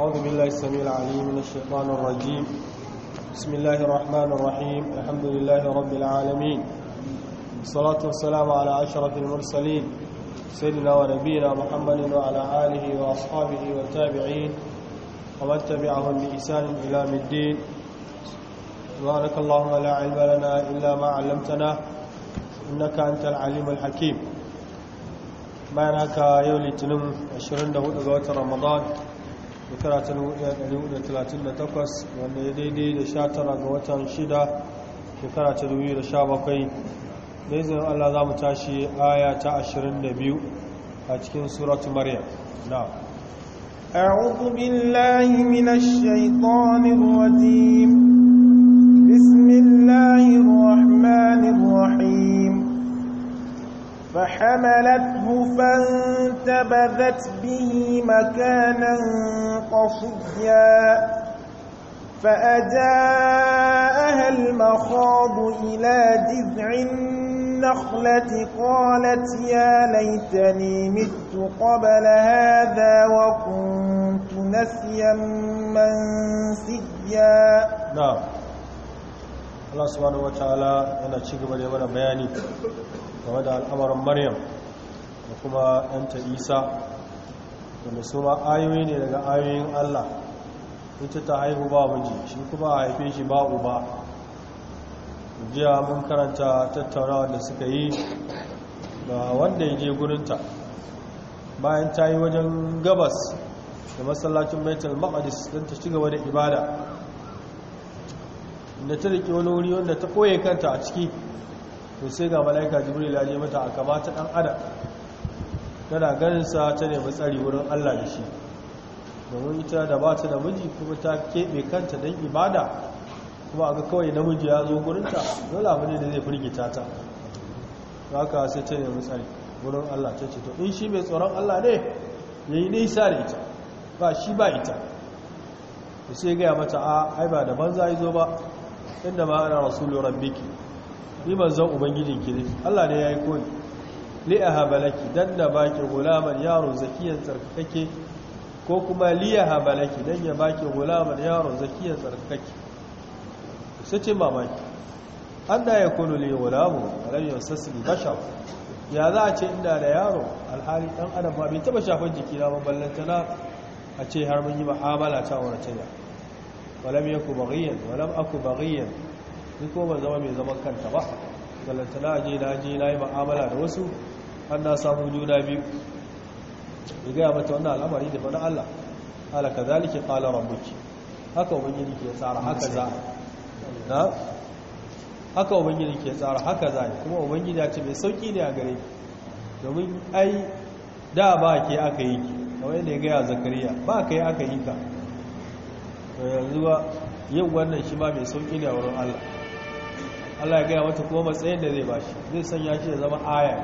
أعوذ بالله السميع العليم من الشيطان الرجيم بسم الله الرحمن الرحيم الحمد لله رب العالمين الصلاة والسلام على أشرف المرسلين سيدنا ونبينا محمد وعلى آله وأصحابه والتابعين ومن تبعهم بإحسان إلى الدين سبحانك اللهم لا علم لنا إلا ما علمتنا إنك أنت العليم الحكيم ما haka yau تنم 24 رمضان shekara ta 1438 wanda ya daidai da tara ga watan 6 shekara ta 2017 da izinin Allah za mu tashi aya ta 22 a cikin surat maryam na أعوذ بالله من الشيطان الرجيم بسم الله الرحمن الرحيم فحملته فانتقلت فانتبذت به مكانا قصيا فأجاءها المخاض إلى جذع النخلة قالت يا ليتني مت قبل هذا وكنت نسيا منسيا نعم الله سبحانه وتعالى أنا yana ci gaba بياني mana الأمر مريم da kuma ɗanta isa da su ayoyi ne daga ayoyin allah ita ta haihu ba miji shi kuma a haife shi ba uba jiya mun karanta tattaunawa da suka yi ga wanda ya je gurinta bayan ta yi wajen gabas da masallacin metal ma'adis don ta shiga da ibada da ta riƙe wani wuri wanda ta koye kanta a ciki to sai ga malaika jibril ya je mata a kamata ɗan adam tana ganinsa ta nemi tsari wurin Allah da shi domin ita da ba ta namiji kuma ta keɓe kanta don ibada kuma aka kawai namiji ya zo gurinta dole abu ne da zai firgita ta ka sai ta nemi tsari wurin Allah ta ce to in shi mai tsoron Allah ne ya yi nisa da ita ba shi ba ita da sai gaya mata a ai ba da banza ya zo ba inda ma ana rasulun rabbiki ni ban zan ubangijinki ne Allah ne ya yi koyi li ahabalaki dan na baki gulaman yaro zakiyar tsarkake ko kuma li ahabalaki don ya baki gulaman yaro zakiyar tsarkake su ce mamaki an da ya kunu li gulamu alayyan ba bashar ya za a ce inda da yaro alhari ɗan adam ba bai taba shafan jiki na maballanta na a ce har mun yi mu'amala ta wace ba walam ya ku bagiyan walam aku bagiyan ni ko ba zama mai zaman kanta ba galantana aje na aje na yi ma'amala da wasu an na samu juna biyu da gaya mata wannan al'amari da faɗin Allah ala ka zalike ƙala rambuki haka ubangiji ke tsara haka za na haka ubangiji ke tsara haka za kuma ubangiji ya ce mai sauƙi ne a gare domin ai da ba ke aka yi ki kamar yadda ya gaya zakariya ba ka yi aka yi ka yanzu ba yin wannan shi ma mai sauƙi ne a wurin Allah Allah ya gaya mata kuma matsayin da zai bashi zai sanya shi ya zama aya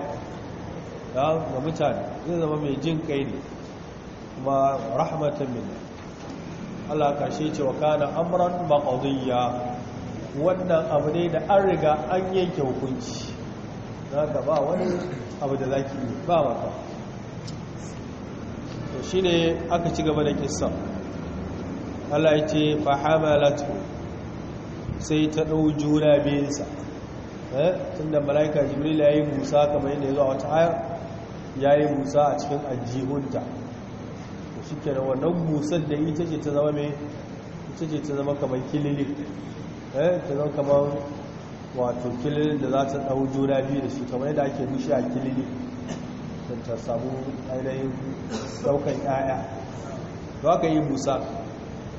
ga mutane zai zama mai jin kai ne kuma rahmatan min Allah shi ce wa kana amran maqdiyya wannan abu ne da an riga an yanke hukunci za ba wani abu da zaki yi ba maka to shine aka ci gaba da kissa Allah ya ce fa hamalatu sai ta ɗau juna biyunsa eh, tun da mala'ika jibril ya yi musa kamar yadda ya zuwa wata hayar ya yi musa a cikin ajihunta da shi ke wannan musar da ita ce ta zama mai ita ce ta zama kamar kilili eh, ta zama kamar wato kililin da za ta ɗau juna biyu da shi kamar yadda ake mushi a kilili da ta samu ainihin ɗaukan 'ya'ya da ka yi musa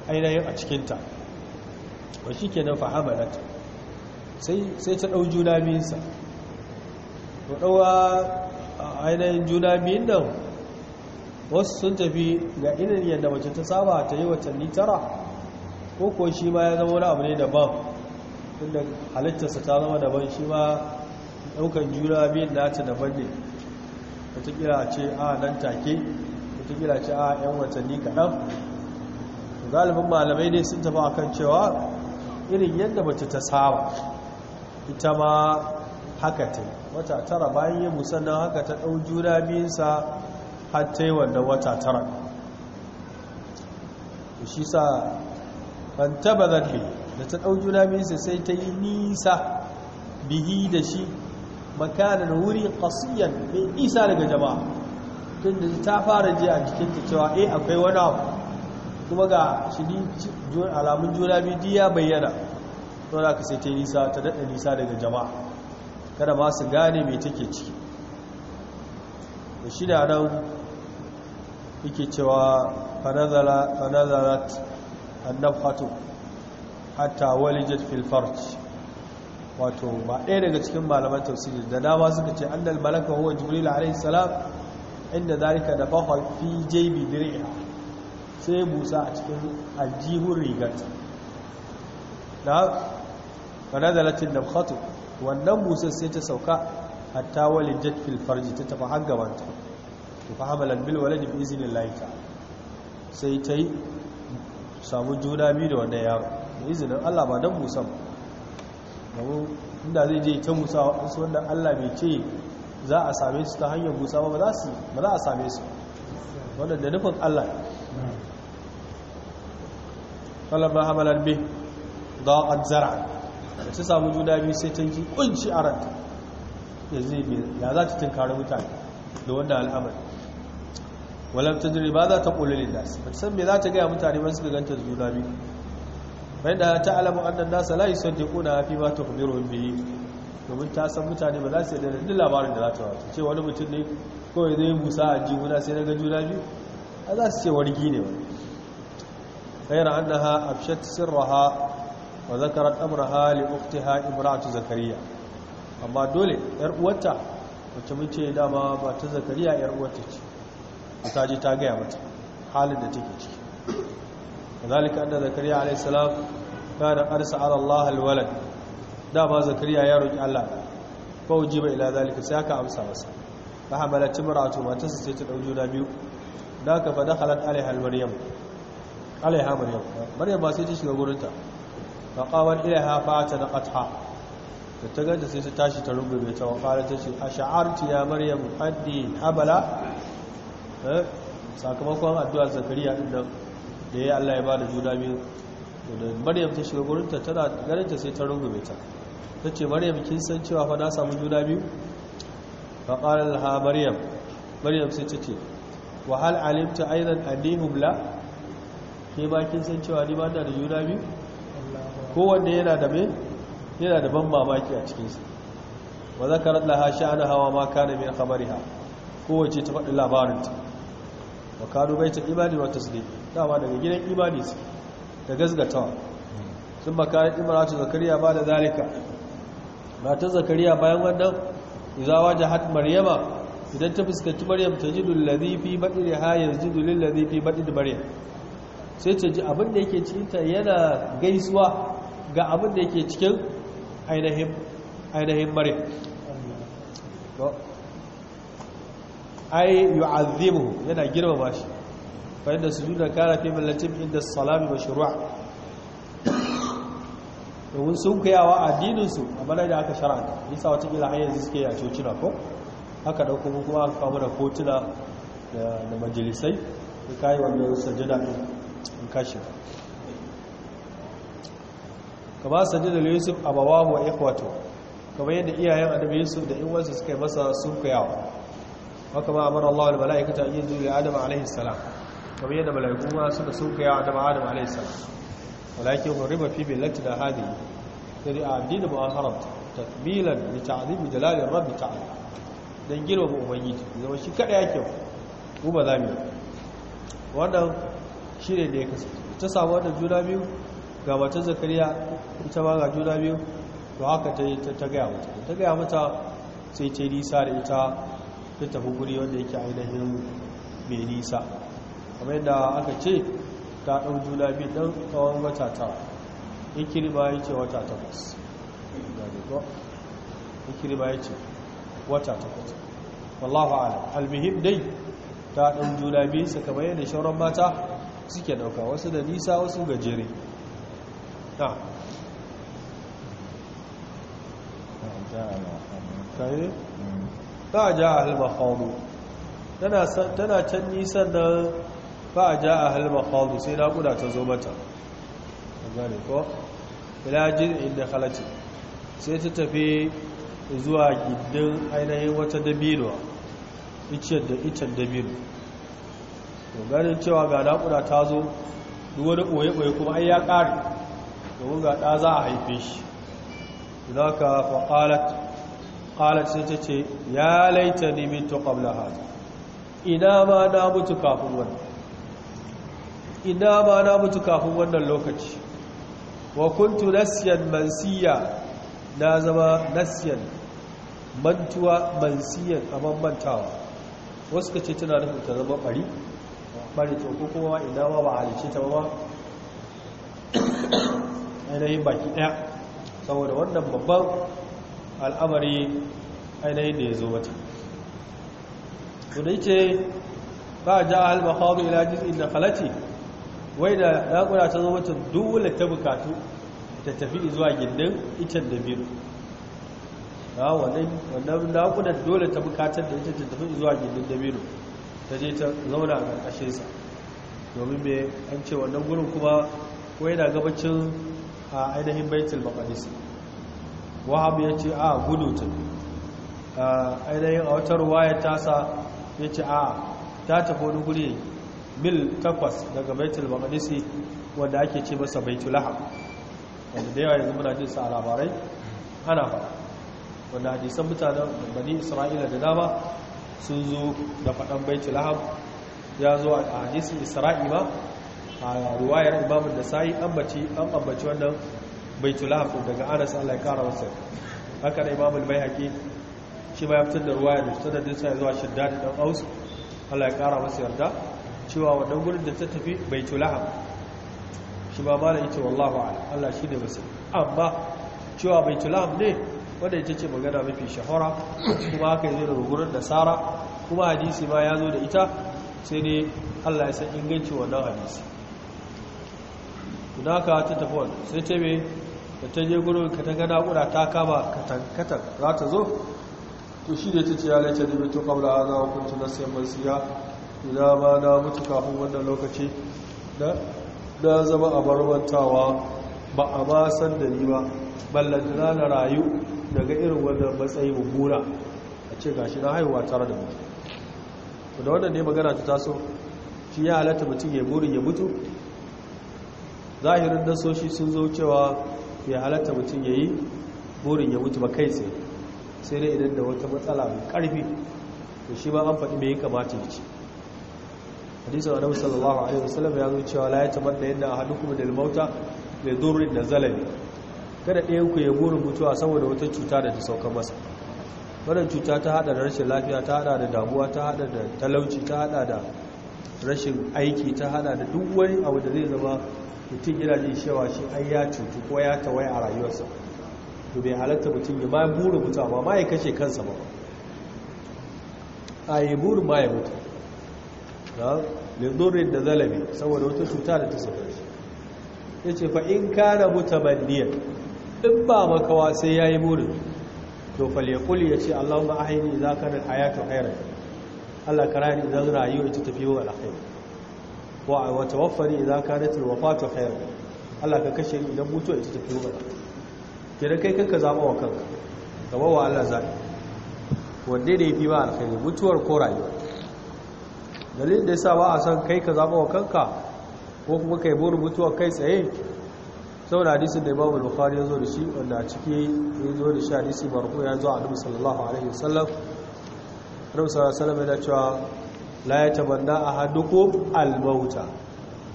ainihin a cikinta wa shi ke kenan fahamalat sai ta ɗau juna biyunsa Ba ɗauwa ainihin juna biyun nan wasu sun tafi ga inin yadda mace ta saba ta yi watanni tara ko ko shi ma ya zama wani abu ne daban inda halittarsa ta zama daban shi ma ɗaukan juna biyun nata daban ne ta kira ce a nan take ta kira ce a 'yan watanni kaɗan galibin malamai ne sun tafi akan cewa irin yadda mace ta saba ita ma haka ta yi. wata tara bayan yi musamman haka ta ɗau juna biyunsa har ta yi wannan wata tara shi sa ban taba zarfe da ta ɗau juna biyunsa sai ta yi nisa bihi da shi makanan wuri kasiyan mai nisa daga jama'a tun da ta fara ji a jikinta cewa eh akwai wani abu kuma ga shidin alamun juna biyu ya bayyana don haka sai ta nisa ta daɗa nisa daga jama'a kada ma su gane mai take ciki da shida nan yake cewa fanazarat annabhatu hatta walijet fil wato ba ɗaya daga cikin malaman tafsiri da dama suka ce annal malaka huwa jibril a.s. inda zarika da fahu fi jaybi sai busa a cikin aljihun rigat da fanadalatin da khatu wannan busa sai ta sauka hatta wali jatfil farji ta tafi har gabanta ta fi hamalar bilwale da izinin laika sai ta yi samu juna biyu da wannan yaro da izinin allah ba don busa ba inda zai je ta musa wasu wannan allah mai ce za a same su ta hanyar busa ba za a same su wadanda nufin allah falama hamalar bi da'ad zara da ta samu juna biyu sai ta ji kunci a ranta ya zai bi ya za ta tunkari mutane da wanda al'amari walam ta jiri ba za ta ƙulli lillahi ba san me za ta gaya mutane ba suka ganta juna biyu bai da ta alamu dan nasa la yusaddiquna fi ma tukhbiruhum bihi domin ta san mutane ba za su yarda da labarin da za ta wato ce wani mutum ne kawai zai musa a jihuna sai daga juna biyu a za su ce wargi ne wani tsayar annaha afshat sirraha wa zakarat ha li uktiha imratu zakariya amma dole yar uwarta wacce mun ce dama ba ta zakariya yar uwarta ce ta je ta gaya mata halin da take ciki kazalika anna zakariya alayhi salam kana arsa ala allah alwalad dama zakariya ya roki allah fa ujiba ila zalika sai aka amsa masa fa hamalat imratu matarsa sai ta dau juna biyu da aka fada halar alaihal maryam alaiha maryam maryam ba sai ta shiga gurinta ba kawar ilaiha fata da katha da ta ganta sai ta tashi ta mai ta fara ta ce a sha'arti ya maryam haddi habala eh, sakamakon addu'ar zakariya inda nan da ya Allah ya ba da juna biyu da maryam ta shiga gurinta tana ganinta sai ta rungume ta ta ce maryam kin san cewa fa na samu juna biyu faƙalar ha maryam maryam sai ta ce wa hal alimta aidan adinu bla ke ba kin san cewa ni ba da juna biyu kowanne yana da me yana da ban mamaki a cikinsa wa zakarat laha sha'ana hawa ma kana min khabariha kowace ta faɗi labarinta wa kanu baita imani wa tasdiq dama daga gidan imani su da gazgatawa sun makara imratu zakariya ba da zalika matar zakariya bayan wannan izawa jahat maryama idan ta fuskanci maryam ta ji lullazi fi baɗi da ha yanzu lullazi fi baɗi da maryam sai ta ji abin da yake cikinta yana gaisuwa ga abin da yake cikin ainihin maryam ai azimu yana girmama shi su inda sujuda kara fi mallacin inda salami mashru'a domin sun kayawa addininsu a mana da aka shara'anta nisa wata gila hanyar suke a cocina ko Haka ɗauko kuma aka kawo da kotuna da majalisai da kayi wannan sajada ɗin in kashi ka ba sanje da yusuf a bawa wa ekwato kamar yadda iyayen adam yusuf da in wasu suka yi masa sun kuyawa haka ma amara Allah wal mala'ikata an yanzu zuri adam alaihi salam kamar yadda mala'iku ma suka sun kuyawa adam adam alaihi salam walakin hurriba fi billati da hadi sai a addini mu'aharat da li da jalali rabbi ta'ala don girma ba ubangiji zama shi kada ya kyau mu ba za mu wannan shi ne da ya kasance ta samu wannan juna biyu ga matan zakariya ita ba ga juna biyu ba haka ta gaya mata ta gaya mata sai ce nisa da ita ta tafi guri wanda yake ainihin mai nisa kamar yadda aka ce ta ɗau juna biyu ɗan tsawon wata tara ikirba ya ce wata takwas ikirba ya ce wata takwas wallahu ala almihim dai ta ɗan juna biyu su kamar yadda shauran mata suke ɗauka wasu da nisa wasu gajere na ba ja a halmakhaudu tana can nisan nan ba a ja a halmakhaudu sai naƙuda ta zo mata gane ko ilajin inda halacci sai ta tafi zuwa gidan ainihin wata dabino iciyar da icen dabino to ganin cewa ga naƙuda ta zo da ɓoye-ɓoye kuma ai ya ƙari da ga ɗa za a haife shi za ka faƙalat sai ta ce ya laita nemi ta ƙabla hajji ina ma na mutu kafin wannan ina ma na mutu kafin wannan lokaci wa kuntu nasiyan mansiya na zama nasiyan mantuwa mansiyan a mantawa wasu ka ce tana nufin ta zama bari bari ko kuma ina ma ba halice ta ba ainihin baki daya saboda wannan babban al'amari ainihin da ya zo mata to da yake ba a ja halba kawo ila jiz'in na khalati wai da naƙuda ta zo mata dole ta bukatu ta tafi zuwa gindin icen da biyu wannan naƙudan dole ta bukatar da ita ta tafi zuwa gindin dabino ta je ta zauna a ƙarƙashinsa domin mai an ce wannan gurin kuma ko yana gabacin a ainihin baitul maqdis wahab ya ce a gudu ta ainihin a wata ruwaya tasa ya ce a ta tafi wani guri mil takwas daga baitul makanisi wanda ake ce masa baitul lahab wanda da yawa yanzu muna jin sa a labarai ana faɗa wanda hadisan mutanen bani isra'ila da dama sun zo da faɗan baiti lahab ya zo a hadisun Isra'ila a ruwayar imamun da sa'i an ambaci wannan baitul lahab daga anas allah ya kara wasu haka da imamun bai haƙi shi ma ya fitar da ruwayar da fitar da dinsa ya zuwa shidda da ɗan aus allah ya kara wasu yarda cewa wannan gudun da ta tafi baitul lahab shi ba ma da ita wallahu ala allah shi ne wasu amma cewa baitul lahab ne wadda ita ce magana mafi shahara kuma haka yi daga gurin da sara kuma hadisi ma ya zo da ita sai dai allah ya san inganci wannan hadisi guda ka ta tafi sai ce mai da ta je gurin ka ta gana kuna ta kama katankatan za ta zo to shi da ta ce ya laita da mutu kamar ana hukunci na sayan masiya guda ma na mutu kafin wannan lokaci na zama a barwantawa ba a ma san da ni ba ballantana na rayu daga irin wannan matsayi mummuna a ce gashi na haihuwa tare da mutu da wannan ne magana ta taso shi ya halatta mutum ya burin ya mutu zahirin nasoshi sun zo cewa ya halatta mutum ya yi burin ya mutu ba kai sai sai dai idan da wata matsala mai karfi da shi ba an faɗi mai kamata ya ce hadisun adam sallallahu alaihi wasallam ya zo cewa la ya taɓar da yadda a hannu kuma da ilmauta mai durin da zalami kada ɗaya ku yabo burin mutuwa saboda wata cuta da ta sauka masa wannan cuta ta hada da rashin lafiya ta hada da damuwa ta hada da talauci ta hada da rashin aiki ta hada da duk wani abu da zai zama mutum yana jin shewa shi ai ya cutu ko ya tawaye a rayuwarsa to bai halatta mutum ya ma burin mutuwa ba ma ya kashe kansa ba a yi burin ma ya mutu lindori da zalabi saboda wata cuta da ta sauka shi ya ce fa in kana niyar. in ba makawa sai ya yi burin to falekul ya ce Allah ma'ahini za ka da hayatu hairar Allah ka rani idan rayuwa ita tafi yau alkhairu wa wata wafari za ka da tilwafatu hairar Allah ka kashe idan mutuwa ita tafi yau alkhairu kira kai kanka zaɓa wa kanka gaba wa Allah zaɓi wanda da ya fi ba alkhairu mutuwar ko rayuwa dalilin da ya sa ba a son kai ka zaɓa wa kanka ko kuma kai burin mutuwa kai tsaye saboda hadisin da Imam Bukhari ya zo da shi wanda a ciki ya zo da shi hadisi marfu ya zo Annabi sallallahu alaihi wasallam rabu sallallahu alaihi wasallam ya cewa la a ahadukum al-mauta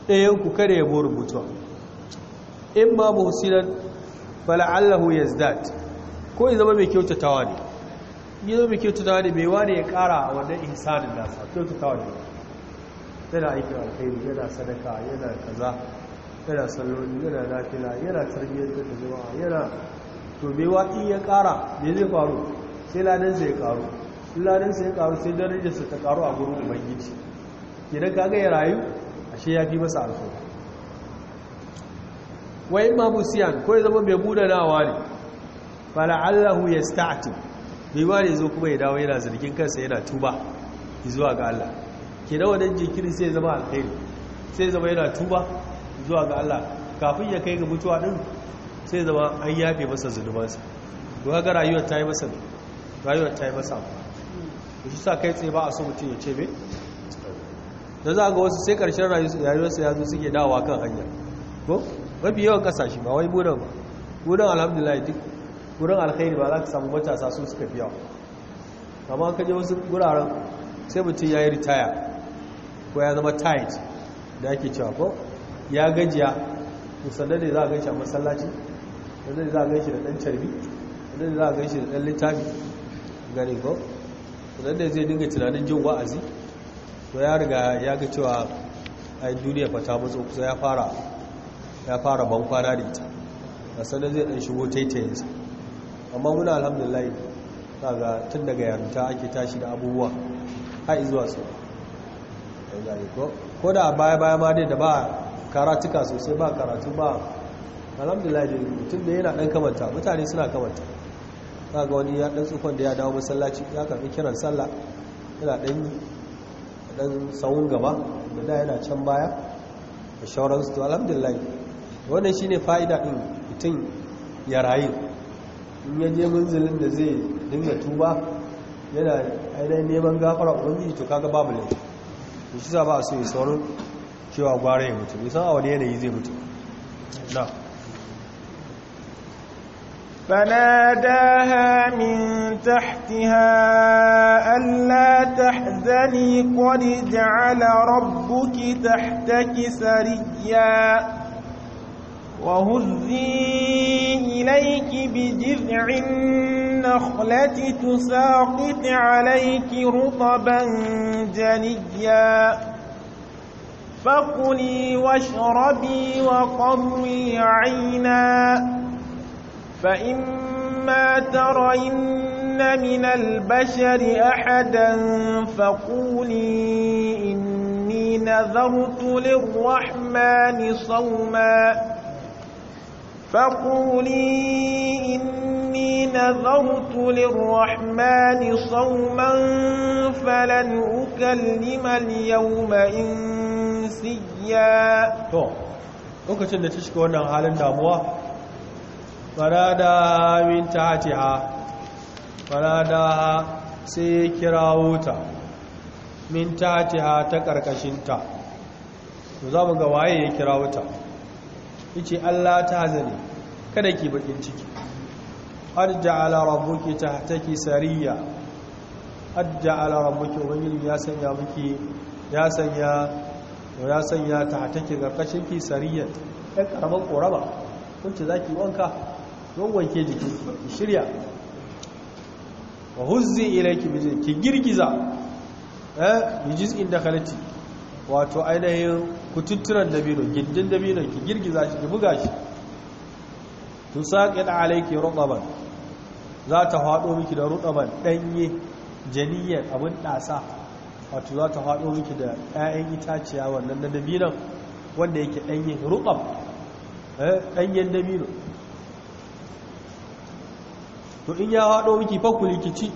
ɗayan ku kada ya buru mutuwa in ma muhsinan fala'allahu yazdad ko ya zama mai kyautatawa ne ya zama mai kyautatawa ne mai wani ya ƙara wannan ihsanin nasa kyautatawa ne yana aiki alkhairi yana sadaka yana kaza yana salloli yana nafila yana tarbiyyar da jama'a yana to me waƙi ya ƙara me zai faru sai ladansa ya ƙaru ladansa ya ƙaru sai darajarsa ta ƙaru a gurin ubangiji idan kaga ya rayu ashe ya fi masa alfahari wai imamu siyan ko ya zama mai munanawa ne allahu ya sta'ati mai ma ne zo kuma ya dawo yana zargin kansa yana tuba zuwa ga Allah ke da wadannan jikin sai zama alkhairi sai zama yana tuba zuwa ga Allah kafin ya kai ga mutuwa din sai zama an yafe masa zunubansa don ga rayuwar ta yi masa rayuwar ta yi masa ba shi sa kai tsaye ba a so mutum ya ce me da za ga wasu sai karshen rayuwarsa ya zo suke dawa kan hanya ko mafi yawan kasashe ba wai munan ba munan alhamdulillah duk wurin alkhairi ba za ka samu matasa su suka fiya amma ka je wasu wuraren sai mutum ya yi ritaya ko ya zama tight da ake cewa ko ya gajiya to da za a gaishe a masallaci sannan za a gaishe da ɗan carbi sannan za a gaishe da ɗan littafi gani ko sannan zai dinga tunanin jin wa'azi to ya riga ya ga cewa ai duniya fa ta matso kusa ya fara ya fara ban kwana da ita da sannan zai ɗan shigo taitayinsa amma muna alhamdulillah ga tun daga yarinta ake tashi da abubuwa har zuwa sau ko da baya baya ma dai da ba karatuka sosai ba karatu ba alhamdulillah da mutum da yana dan kamanta mutane suna kamanta za ga wani ya dan tsufan da ya dawo masallaci ya karfi kiran sallah yana dan dan tsawon gaba da da yana can baya da shawararsu to alhamdulillah wannan shine fa'ida din mutum ya rayu in ya je munzilin da zai dinga tuba yana ainihin neman gafara ubangiji to kaga babu ne shi za ba a so yi saurin cewa gwara ya mutu nisan a wani yanayi zai mutu na فناداها من تحتها ألا تحزني قد جعل ربك تحتك سريا وهزي إليك بجذع النخلة تساقط عليك رطبا جنيا فقلي واشربي وقري عينا فإما ترين من البشر أحدا فقولي إني نذرت للرحمن صوما فقولي إني نذرت للرحمن صوما فلن أكلم اليوم إن نسيا To lokacin da ta shiga wannan halin damuwa farada min tahtiha farada sai kira ta min tahtiha ta karkashinta to za mu ga waye ya kira wuta yace Allah ta hazani kada ki bakin ciki arja'ala rabbuki tahtaki sariya arja'ala rabbuki ubangiji ya sanya miki ya sanya to ya sanya ta take karkashin ki sariyar ɗan ƙaramin ƙoraba kunci za ki wanka don wanke jiki ki shirya wa huzzi ilaiki bijin ki girgiza yi eh, bijis inda khalati wato ainihin kututturan dabino gindin dabino ki girgiza shi ki buga shi tusaqit alayki rukaban za ta haɗo miki da rukaban ɗanye janiyar abun ɗasa. wato za ta haɗo miki da 'ya'yan itaciya wannan na dabinan wanda yake ɗanyen rukam eh, ɗanyen dabino to in ya haɗo miki fakuli ki ci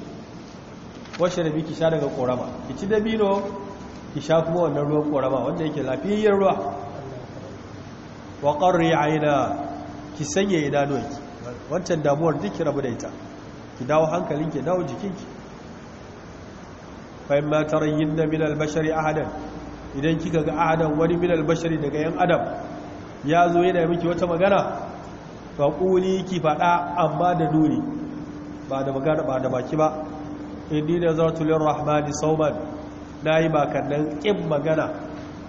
washe da ki sha daga ƙorama ki ci dabino ki sha kuma wannan ruwan ƙorama wanda yake lafiyayyar ruwa wa ƙarri na ki sanya idanuwanki wancan damuwar duk ki rabu da ita ki dawo hankalinki dawo jikinki fa in ma min bashari ahadan idan kika ga ahadan wani min bashari daga yan adam ya zo yana miki wata magana Faƙuli ki faɗa, amma da duri ba da magana ba da baki ba inni nazartu lirrahmani sauman na yi kin magana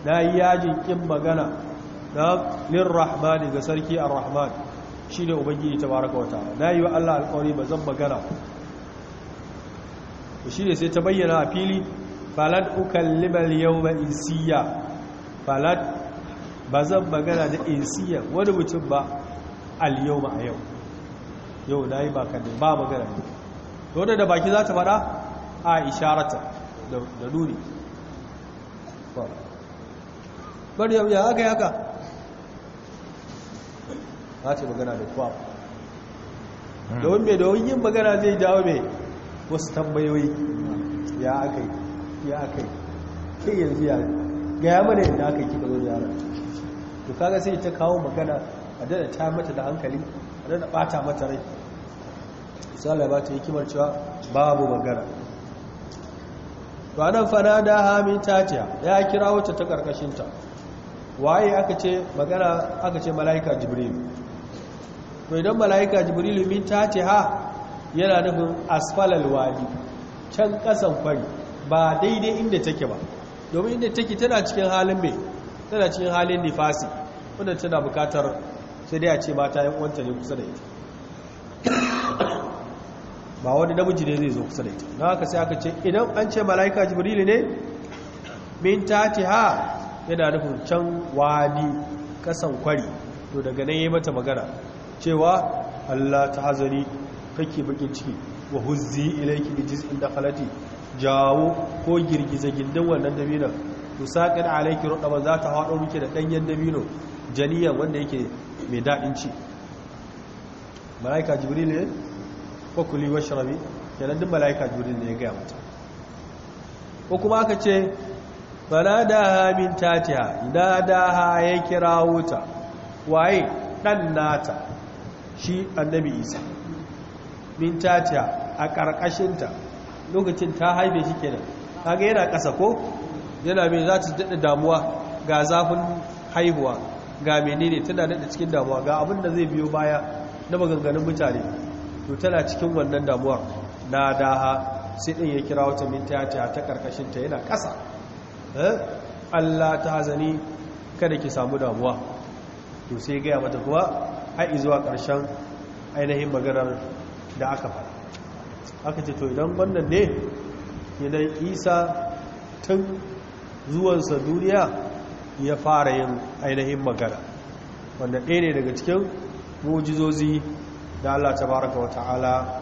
na yi yajin kin magana lin lirrahmani ga sarki a rahman shi shine ubangiji tabaaraka wa Na yi wa Allah alƙawari ba zan magana shi ne sai ta bayyana a fili falat yau ba insiya falat zan magana da insiya wani mutum ba al yawma a yau yau nayi ba kan ba magana ne to da baki za ta fada a isharata da nuni yau ya aka yi haka za ta magana da kwa da wani mai da wani yin magana zai dawo mai wasu tambayoyi ya aka yi ya aka yi ke yanzu ya gaya mana yadda aka yi kika zo yara. to kaga sai ta kawo magana a dada ta mata da hankali a dada bata mata rai misali ba ta yi kimar cewa babu magana to anan fana da hamin tatiya ya kira wacce ta karkashinta waye aka ce magana aka ce mala'ika jibril to idan mala'ika jibril min tatiha yana nufin asfalal wadi can kasan kwari ba daidai inda take ba domin inda take tana cikin halin mai tana cikin halin nifasi wadda tana bukatar sai dai a ce mata yan uwanta ne kusa da ita ba wani namiji ne zai zo kusa da ita na haka sai aka ce idan an ce mala'ika jibril ne min ha yana nufin can wani kasan kwari to daga nan yi mata magana cewa Allah ta hazari kake bakin ciki wa huzzi ilayki bi jiz'in dakhalati jawo ko girgiza gindin wannan dabinon to saqin alayki rudaba za ta hado miki da danyen dabino janiya wanda yake mai dadin ci malaika jibril ne ko kuli washrabi kenan din malaika jibril ne ya ga mata ko kuma aka ce baladaha min tatiha idadaha ya kirawo ta waye dan nata shi annabi isa min tatiya a ƙarƙashinta lokacin ta haife shi kenan kaga yana ƙasa ko yana mai za ta daɗa damuwa ga zafin haihuwa ga menene tana daɗa cikin damuwa ga abin da zai biyo baya na maganganun mutane to tana cikin wannan damuwa na daha sai ɗin ya kira wata min tatiya ta ƙarƙashinta yana ƙasa eh? Allah ta hazani kada ki samu damuwa to sai gaya mata kuma ai zuwa ƙarshen ainihin maganar da aka fara aka ce to idan wannan ne idan isa tun zuwansa duniya ya fara yin ainihin magana wanda ɗaya ne daga cikin mujizozi da allah ta baraka wa ta'ala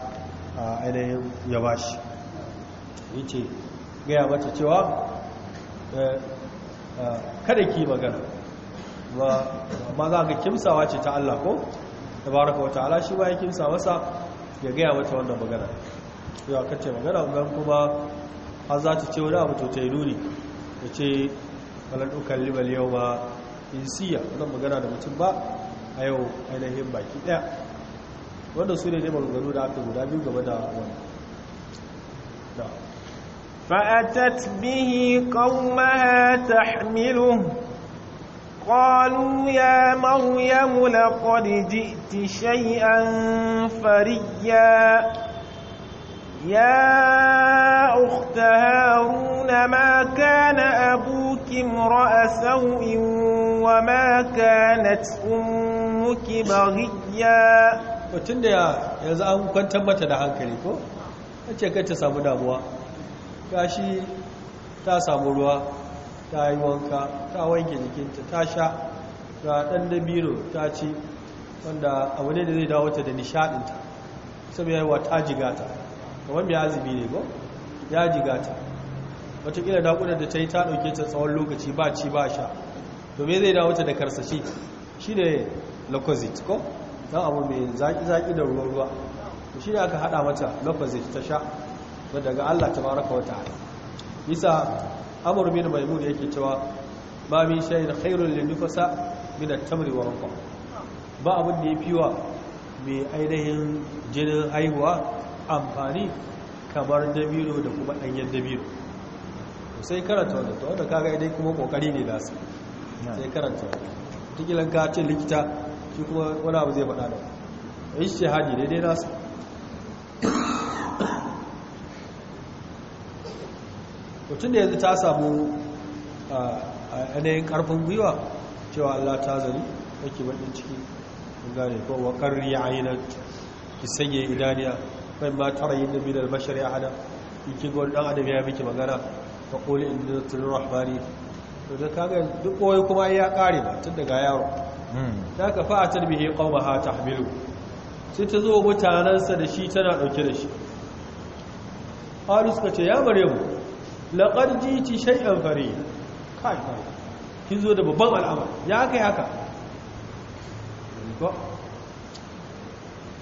a ainihin ya shi. yi ce gaya mace cewa eh, eh, kada ki magana ba za ga kimsawa ce ta allah ko ta baraka wa ta'ala shi ba ya kimsa wasa ya gaya mata wannan magana ya kace magana ugan kuma har za ta ce wani abu to ta yi nuni ya ce falon dukan libal yau ba in siya wannan magana da mutum ba a yau ainihin baki ɗaya wanda su ne neman maganganu da aka guda biyu game da wani فأتت به قومها تحمله قالوا يا مريم لقد جئت شيئا فريا يا أخت هارون ما كان أبوك امرأ سوء وما كانت أمك بغيا mutum da yanzu an kwantar mata da hankali ko? ce kai ta samu damuwa gashi ta samu ruwa ta yi wanka ta wanke jikinta ta sha ga ɗan dabino ta ci wanda abu ne da zai dawo ta da nishaɗinta yi wa ta jigata kamar mai azumi ne ba ya jigata watakila dakunan da ta yi ta ɗauke ta tsawon lokaci ba ci ba sha to domin zai dawo ta da karsashi shi ne locozit ko don abu mai zaƙi-zaƙi da ruwa-ruwa shi ne aka haɗa mata locozit ta sha daga allah ta baraka wata bisa amur bin maimun yake cewa ba min shayin khairul lin nufasa min at-tamri wa rafa ba abin da yafi wa mai ainihin jinin haihuwa amfani kamar dabiro da kuma ɗanyen dabiro sai karanta wanda to wanda kaga idai kuma kokari ne da su sai karanta wanda ta ka ce likita shi kuma wani abu zai faɗa da ishihadi daidai nasu mutum da yanzu ta samu yanayin karfin gwiwa cewa Allah ta zari yake baɗin ciki kun gane ko waƙar karri ainihin ki sanya idaniya kai ma tara yin da bidar bashar ya hada yake ga ɗan adam ya miki magana ta koli inda da tunin rahmani to da kaga duk kawai kuma ya kare ba tun daga yaro hmm. da ka fa a yi kauma ha ta hamilu sai ta zo mutanensa da shi tana ɗauke da shi ƙwari suka ce ya mare mu laqad shai ɗan fari kai kai kin zo da babban al'amari ya kai haka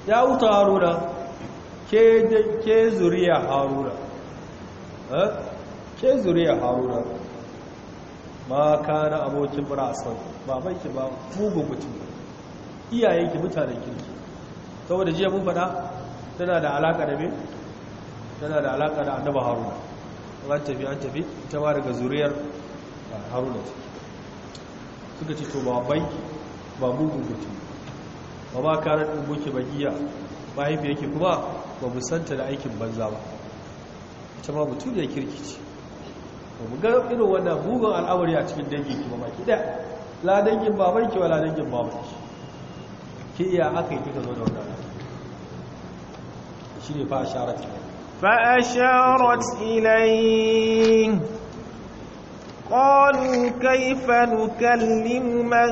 ya wuta haruna ke zuriya haruna ke zuriya haruna ma na abokin burasan babanki ba mugun mutum iyayenki mutanen kirki saboda jiya mun faɗa tana da alaƙa da me tana da alaƙa da annaba haruna an tafi an tafi ta ba daga zuriyar ah, haruna ce suka ce to ba bai ba bugun gutu ba ba karar ɗunguki ba giya mahaifi yake kuma ba mu santa da aikin banza ba ita ma mutum ya kirkici ba mu gan irin wannan bugun al'amari a cikin dangin kuma ba baki ɗaya la dangin babanki wa la dangin babanki ki iya aka yi kika zo da wannan shi ne fa a sharar Ba إليه قالوا كيف نكلم من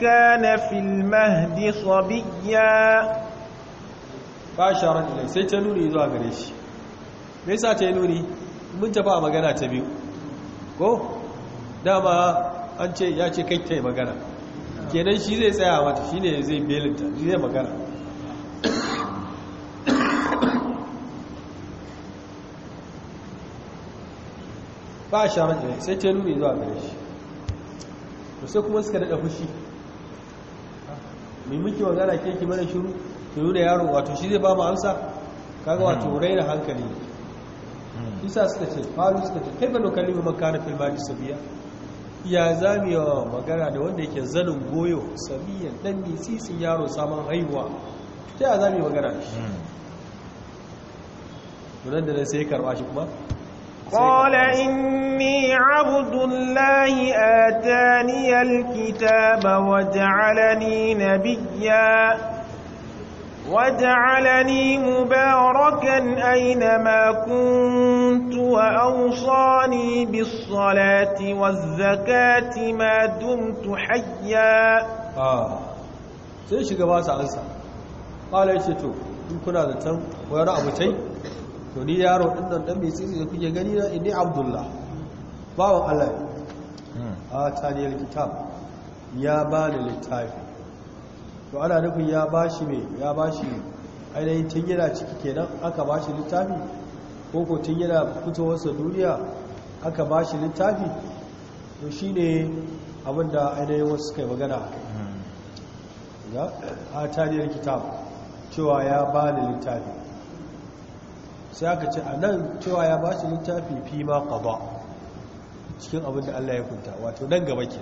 كان في المهد صبيا فأشارت إليه سيتنوني إذا أغريش ليس أتنوني mun tafi a magana ta biyu ko dama an ce ya kai ta magana kenan shi zai tsaya mata shi ne zai belinta shi zai magana ba a sharan irai sai ta nuni zuwa gare shi to sai kuma suka daɗa fushi mai muke magana ke ki mana shiru Ta nuna yaro wato shi zai ba mu amsa kaga wato da hmm. hankali hmm. isa suka ce faru suka ce kai bano kalli man kana filma da sabiya ya zami yawa magana da wanda yake zanin goyo sabiyan dan ne sisin yaro saman haihuwa ta ya zami magana shi hmm. nan da sai karɓa shi kuma قال إني عبد الله آتاني الكتاب وجعلني نبيا وجعلني مباركا أينما كنت وأوصاني بالصلاة والزكاة ما دمت حيا آه سيشي قباس على السلام قال إيش تشوف in kuna da can to ni yaro din nan dan mecece da kuke gani na inni abdullah bawan allah hmm. a taniyar kitab ya ba da littafi to ana nufin ya ba shi mai ya ba shi ainihin tun yana ciki kenan aka ba shi littafi ko ko tun yana fitowarsa duniya aka ba shi littafi to shi ne abinda ainihin wasu kai magana hmm. a taniyar kitab cewa ya ba da littafi sai aka ce a nan cewa ya ba shi littafi fi ma kaba cikin abin da Allah ya hukunta wato nan gaba ke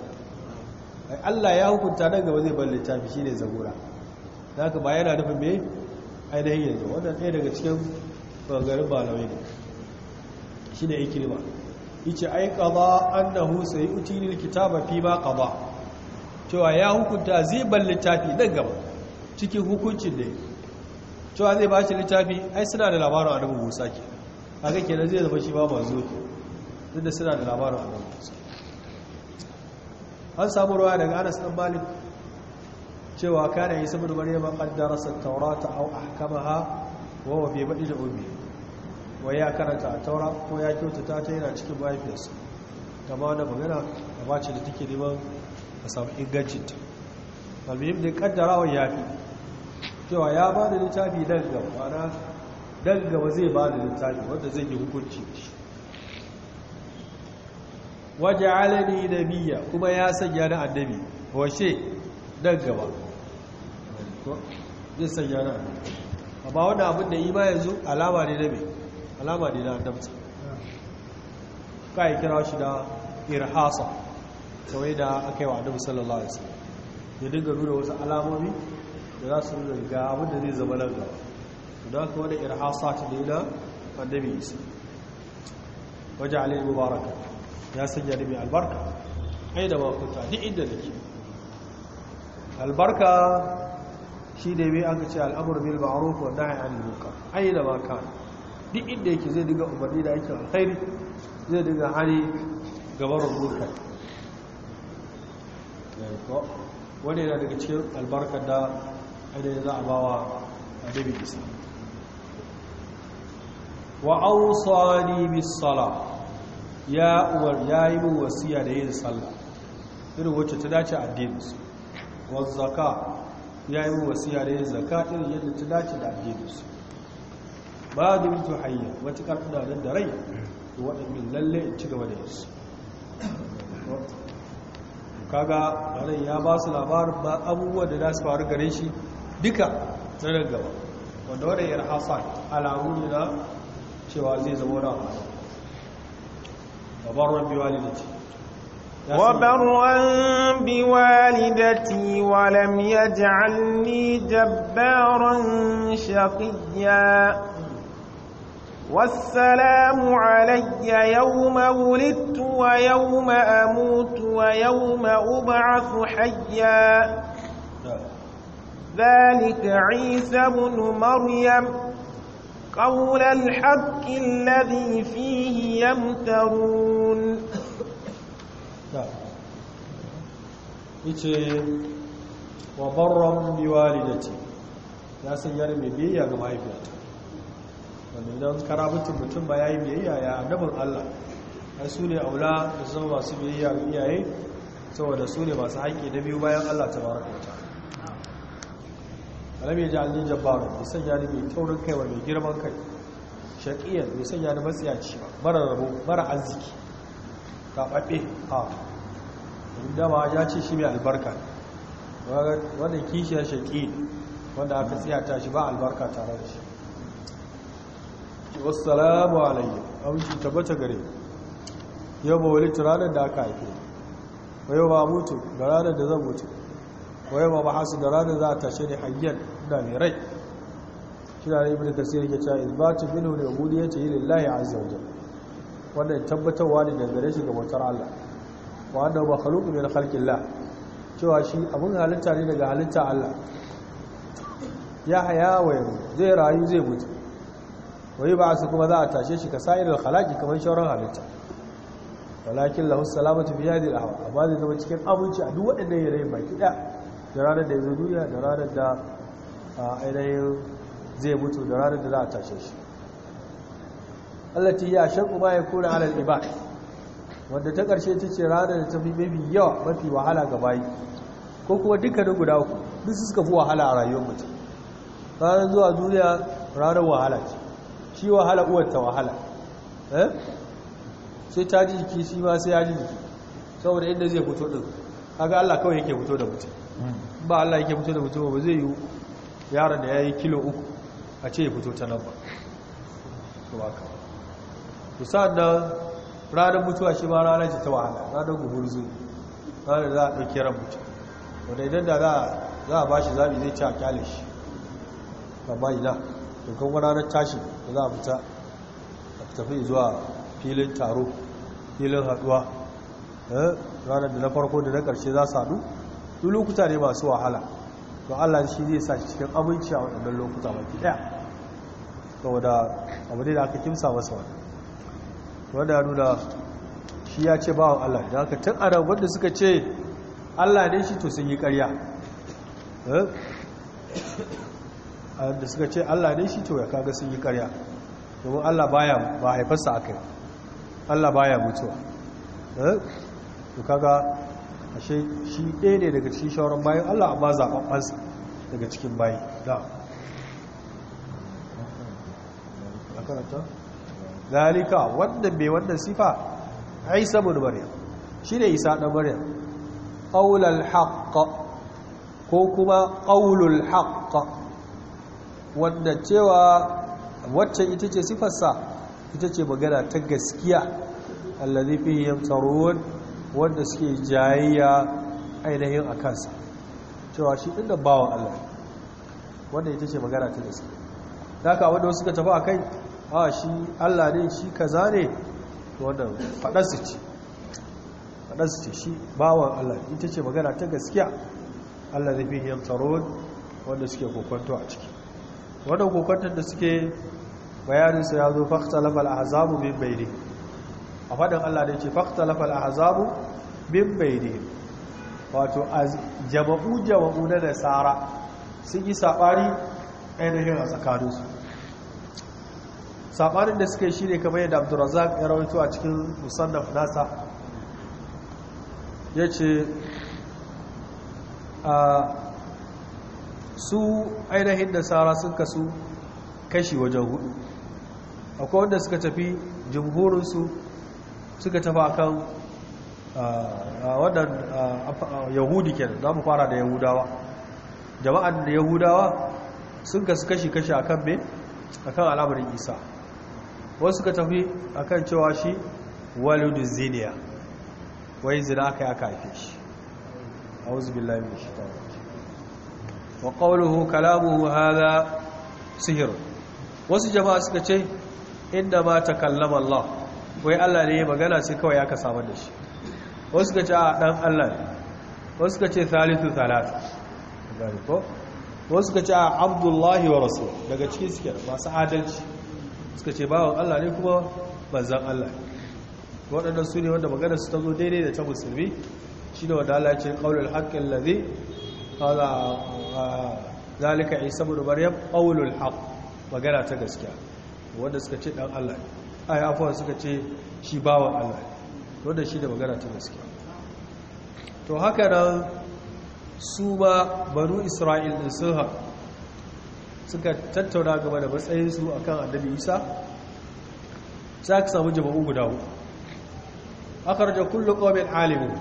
ai Allah ya hukunta nan gaba zai bar littafi shi zagora da aka ba yana nufin me ainihin yanzu wannan ɗaya daga cikin bangaren malamai ne shi ne shine ikrima ce ai qada annahu sayuti lil kitaba fi ma kaba cewa ya hukunta zai bar littafi nan gaba cikin hukuncin da ya cewa zai ba shi littafi ai suna da labarin annabi musa ke haka kenan zai zama shi ba manzo duk da suna da labarin annabi musa an samu ruwa daga anas dan malik cewa kana isa bin maryama qaddarasa at-taurata aw ahkamaha wa huwa fi badil ummi wa ya karanta a taura ko ya kyauta ta yana cikin mahaifiyarsa Gama wanda magana da bace da take neman a samu ingancinta yi da kaddarawa ya fi cewa ya ba da littafi dangaba mana dangaba zai ba da littafi wanda zai yi hukunci shi waje alani biya kuma ya sanya na annabi washe dangaba zai sanya na annabi amma wani abin da ima yanzu alama ne na mai alama ne na annabta kai kira shi da irhasa kawai da aka yi wa annabi sallallahu alaihi wasallam ya dinga nuna wasu alamomi da za su nuna ga abin da zai zama nan gaba da haka wani irhasa ta ne na annabi isa waje alayhi mubaraka ya sanya ni mai albarka ai da makuta ni inda ke, albarka shi da mai an ce al'amur bil ma'ruf wa nahy anil munkar ai da ma kan duk inda yake zai dinga umarni da ake alkhairi zai dinga hani gabar munkar wani yana daga cikin albarkar da aida za a bawa annabi isa wa awsani bis sala ya uwar yayi mu wasiya da yin sallah irin wacce ta dace addinin su wa zakka yayi mu wasiya da yin zakka irin yadda ta dace da addinin su ba da mutu hayya wata karfuna nan da rai to waɗannan lalle in ci gaba da yinsu kaga rai ya ba su labarin ba abubuwan da za su faru gare shi duka na gaba wanda wadda ya rahasa alamu ne na cewa zai zama wani abu gabar rabbi walidati وبرا بوالدتي ولم يجعلني جبارا شقيا والسلام علي يوم ولدت ويوم أموت ويوم أبعث حيا ذلك عيسى بن مريم قول الحق الذي فيه يمترون yace wa barran biwalidati ya san yar mai biyayya ga mahaifiyarta wanda idan karabutin mutum ba yayi biyayya ya annabin Allah ai su ne aula da zama masu biyayya ga iyaye saboda su ne masu haƙƙi da biyu bayan Allah tabaraka ta'ala alam ya ja'alni jabbaru bai sanya ni mai taurin kai wa mai girman kai shaqiyan bai sanya ni matsiyaci ba mara rabo mara arziki tababbe a inda ma ya ce shi mai albarka wanda kishiyar shaƙi wanda aka tsiyata shi ba albarka tare da shi wassalamu alayhi aminci tabbata gare yau ba wani turanin da aka haife ba yau ba mutu ga ranar da zan mutu waye ma ba hasu da ranar za a tashe ne hayyar da mai rai kira da ibn kasir yake cewa izbatu bin hu yahudi yi, lillahi a wa jalla wannan tabbatarwa ne daga gare shi ga bautar Allah wa annahu makhluqun min khalqillah cewa shi abin halitta ne daga halitta Allah ya haya wa yau zai rayu zai mutu wai ba su kuma za a tashe shi ka sa'irar halaki kamar shauran halitta walakin lahus salamatu fi hadhihi al-ahwa amma zama cikin abinci a duk waɗannan yare baki ɗaya da ranar da ya zo duniya da ranar da ainihin zai mutu da ranar da za a tashe shi allati ya shan kuma ya ala alal ibad wanda ta karshe ta ce ranar da ta fi mafi yawa mafi wahala ga bayi ko kuma dukkanin guda uku duk su suka fi wahala a rayuwar mutum ranar zuwa duniya ranar wahala ce shi wahala uwar ta wahala eh? sai ta ji jiki shi ma sai ya ji jiki saboda inda zai fito din kaga Allah kawai yake fito da mutum ba Allah yake fito da mutum ba zai yi yaron da ya yi kilo uku a ce ya fito ta nan ba to haka to sa'annan ranar mutuwa shi ma ranar ce ta wahala ranar zuwa ranar za a ɗauki ran mutum wanda idan da za a ba shi zaɓi zai ci a kyale shi Ba ina na kuma ranar tashi da za a fita a tafi zuwa filin taro filin haɗuwa Eh, ranar da na farko da na ƙarshe za su haɗu duk lokuta ne masu wahala to allah shi zai sa cikin aminci a waɗannan lokuta baki ɗaya saboda abu ne da aka kimsa masa wani wanda ya nuna shi ya ce bawan allah da aka tun a wanda suka ce allah ne shi to sun yi ƙarya eh? da suka ce allah ne shi to ya kaga sun yi ƙarya domin allah baya ba haifarsa a kai allah baya mutuwa eh? to kaga ashe shi ɗaya ne daga cikin shawarar bayan Allah amma zaɓaɓɓansa daga cikin bayi da zalika wanda mai wannan sifa ai saboda maryam shi ne isa ɗan maryam ƙaular haƙƙa ko kuma ƙaular haƙƙa wanda cewa wacce ita ce sifarsa ita ce magana ta gaskiya allazi fi yamsarun wanda suke jayayya ainihin a kansa cewa shi inda ba wa Allah wanda ita ce magana ta gaske daga wanda wasu ka tafi a kai a shi Allah ne shi kaza ne wanda faɗarsu ce faɗarsu ce shi bawan Allah ita ce magana ta gaskiya Allah zai yin tsaron wanda suke kokwanto a ciki wanda kokwantar da suke bayaninsa ya zo fakta lafal a hazabu min bai ne a faɗin Allah ne ce fakta lafal a hazabu min baini wato jama'u jama'u na nasara sun yi saɓari ainihin a tsakaninsu saɓanin da suka yi shi ne kamar yadda abdurazak ya rawaito a cikin musannaf nasa ya ce su ainihin nasara sun kasu kashi wajen hudu akwai wanda suka tafi jimhurinsu suka tafi akan Ah, ah, ah, yahudi ke za mu fara da yahudawa jama'ar da yahudawa sun kasu kashi-kashi a kan akan al'amarin isa wasu suka tafi akan cewa shi walidu ziniya wai zina aka yi aka haife shi a wuzubillahi mai shi wa ƙaunuhu kalamuhu hada sihiru wasu jama'a suka ce inda ma ta kallama Allah wai Allah ne magana sai kawai ka samar da shi wasu ka ce a ɗan allah ne wasu ka ce thalithu thalathu wasu ka ce a abdullahi wa rasul daga cikin suke masu adalci suka ce bawan allah ne kuma manzan allah waɗannan su ne wanda magana su ta zo daidai da ta musulmi shi ne wanda allah ya ce ƙaunar haƙƙin lazi ƙala zalika isa bin maryam ƙaunar haƙ magana ta gaskiya wanda suka ce ɗan allah ne ai afuwa suka ce shi bawan allah ne to shi da magana ta gaske to haka nan su ba banu isra'il da sun ha suka tattauna gaba da matsayinsu a kan annabi isa za ka samu jama'u guda hu aka rajar kullum ƙomin ko